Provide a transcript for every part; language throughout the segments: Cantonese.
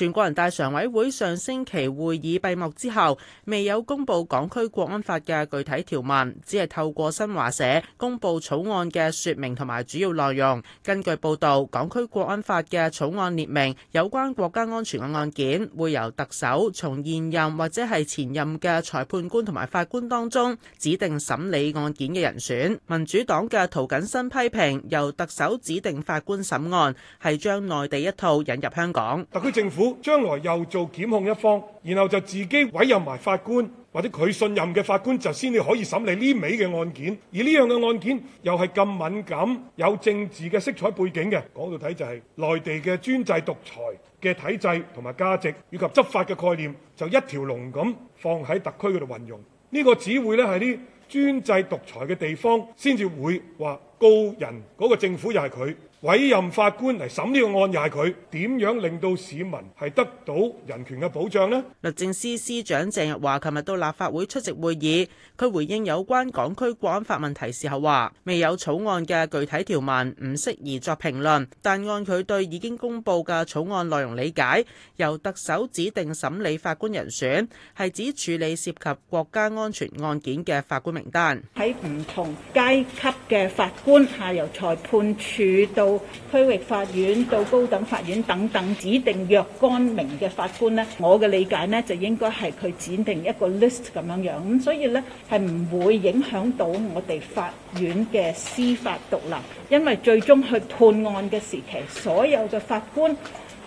全國人大常委會上星期會議閉幕之後，未有公布港區國安法嘅具體條文，只係透過新華社公布草案嘅說明同埋主要內容。根據報導，港區國安法嘅草案列明，有關國家安全嘅案件會由特首從現任或者係前任嘅裁判官同埋法官當中指定審理案件嘅人選。民主黨嘅涂謹申批評，由特首指定法官審案係將內地一套引入香港。特區政府，將來又做檢控一方，然後就自己委任埋法官或者佢信任嘅法官，法官就先至可以審理呢尾嘅案件。而呢樣嘅案件又係咁敏感，有政治嘅色彩背景嘅，講到底就係、是、內地嘅專制獨裁嘅體制同埋價值以及執法嘅概念，就一條龍咁放喺特區嗰度運用。呢、這個只會咧係啲專制獨裁嘅地方先至會話。告人嗰個政府又係佢委任法官嚟，審呢個案又係佢點樣令到市民係得到人權嘅保障咧？律政司司長鄭若驊琴日到立法會出席會議，佢回應有關港區國安法問題時候話未有草案嘅具體條文唔適宜作評論，但按佢對已經公布嘅草案內容理解，由特首指定審理法官人選係指處理涉及國家安全案件嘅法官名單，喺唔同階級嘅法官。官下由裁判處到區域法院到高等法院等等，指定若干名嘅法官呢，我嘅理解呢就應該係佢指定一個 list 咁樣樣，咁所以呢係唔會影響到我哋法院嘅司法獨立，因為最終去判案嘅時期，所有嘅法官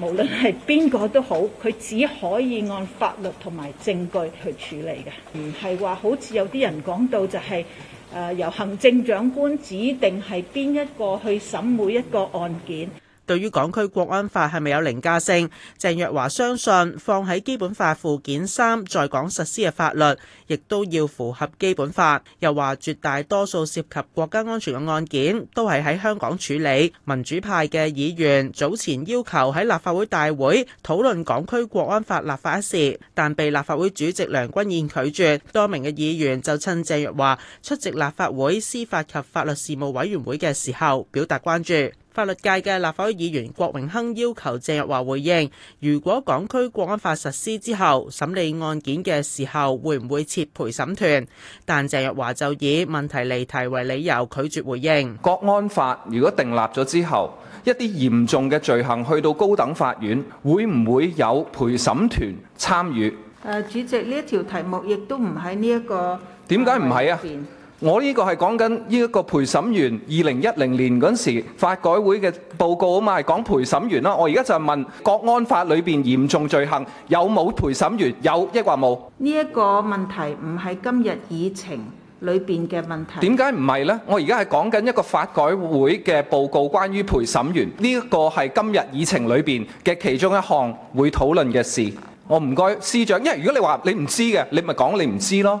無論係邊個都好，佢只可以按法律同埋證據去處理嘅，唔係話好似有啲人講到就係，是。誒由行政長官指定係邊一個去審每一個案件。對於港區國安法係咪有凌駕性？鄭若驊相信放喺基本法附件三在港實施嘅法律，亦都要符合基本法。又話絕大多數涉及國家安全嘅案件都係喺香港處理。民主派嘅議員早前要求喺立法會大會討論港區國安法立法一事，但被立法會主席梁君彥拒絕。多名嘅議員就趁鄭若驊出席立法會司法及法律事務委員會嘅時候表達關注。法律界嘅立法會議員郭榮鏗要求鄭若驊回應，如果港區國安法實施之後審理案件嘅時候，會唔會設陪審團？但鄭若驊就以問題離題為理由拒絕回應。國安法如果訂立咗之後，一啲嚴重嘅罪行去到高等法院，會唔會有陪審團參與？誒，主席呢一條題目亦都唔喺呢一個點解唔係啊？我呢個係講緊呢一個陪審員二零一零年嗰陣時法改會嘅報告啊嘛，係講陪審員啦、啊。我而家就問《國安法》裏邊嚴重罪行有冇陪審員，有抑或冇？呢一個問題唔係今日議程裏邊嘅問題。點解唔係呢？我而家係講緊一個法改會嘅報告，關於陪審員呢一、呢個係今日議程裏邊嘅其中一項會討論嘅事。我唔該司長，因為如果你話你唔知嘅，你咪講你唔知咯。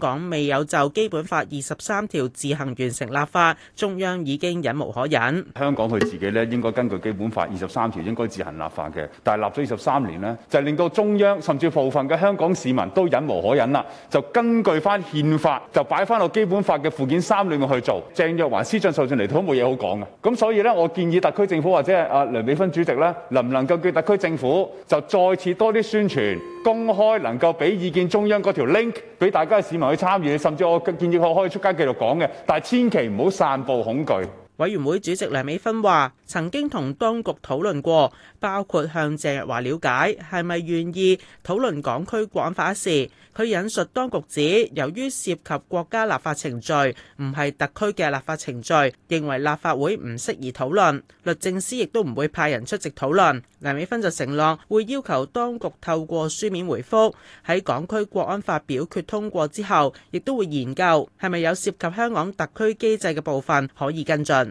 香港未有就基本法二十三條自行完成立法，中央已經忍無可忍。香港佢自己咧應該根據基本法二十三條應該自行立法嘅，但係立咗二十三年咧，就令到中央甚至部分嘅香港市民都忍無可忍啦。就根據翻憲法，就擺翻落基本法嘅附件三裏面去做。鄭若驊司長受信嚟都冇嘢好講啊，咁所以咧，我建議特區政府或者阿梁美芬主席咧，能唔能夠叫特區政府就再次多啲宣傳公開能夠俾意見中央嗰條 link 俾大家嘅市民。去參與，甚至我建議我可以出街繼續講嘅，但係千祈唔好散佈恐懼。委員會主席梁美芬話，曾經同當局討論過，包括向鄭若驊了解係咪願意討論港區國安法一事。佢引述當局指，由於涉及國家立法程序，唔係特區嘅立法程序，認為立法會唔適宜討論。律政司亦都唔會派人出席討論。梁美芬就承諾會要求當局透過書面回覆，喺港區國安法表決通過之後，亦都會研究係咪有涉及香港特區機制嘅部分可以跟進。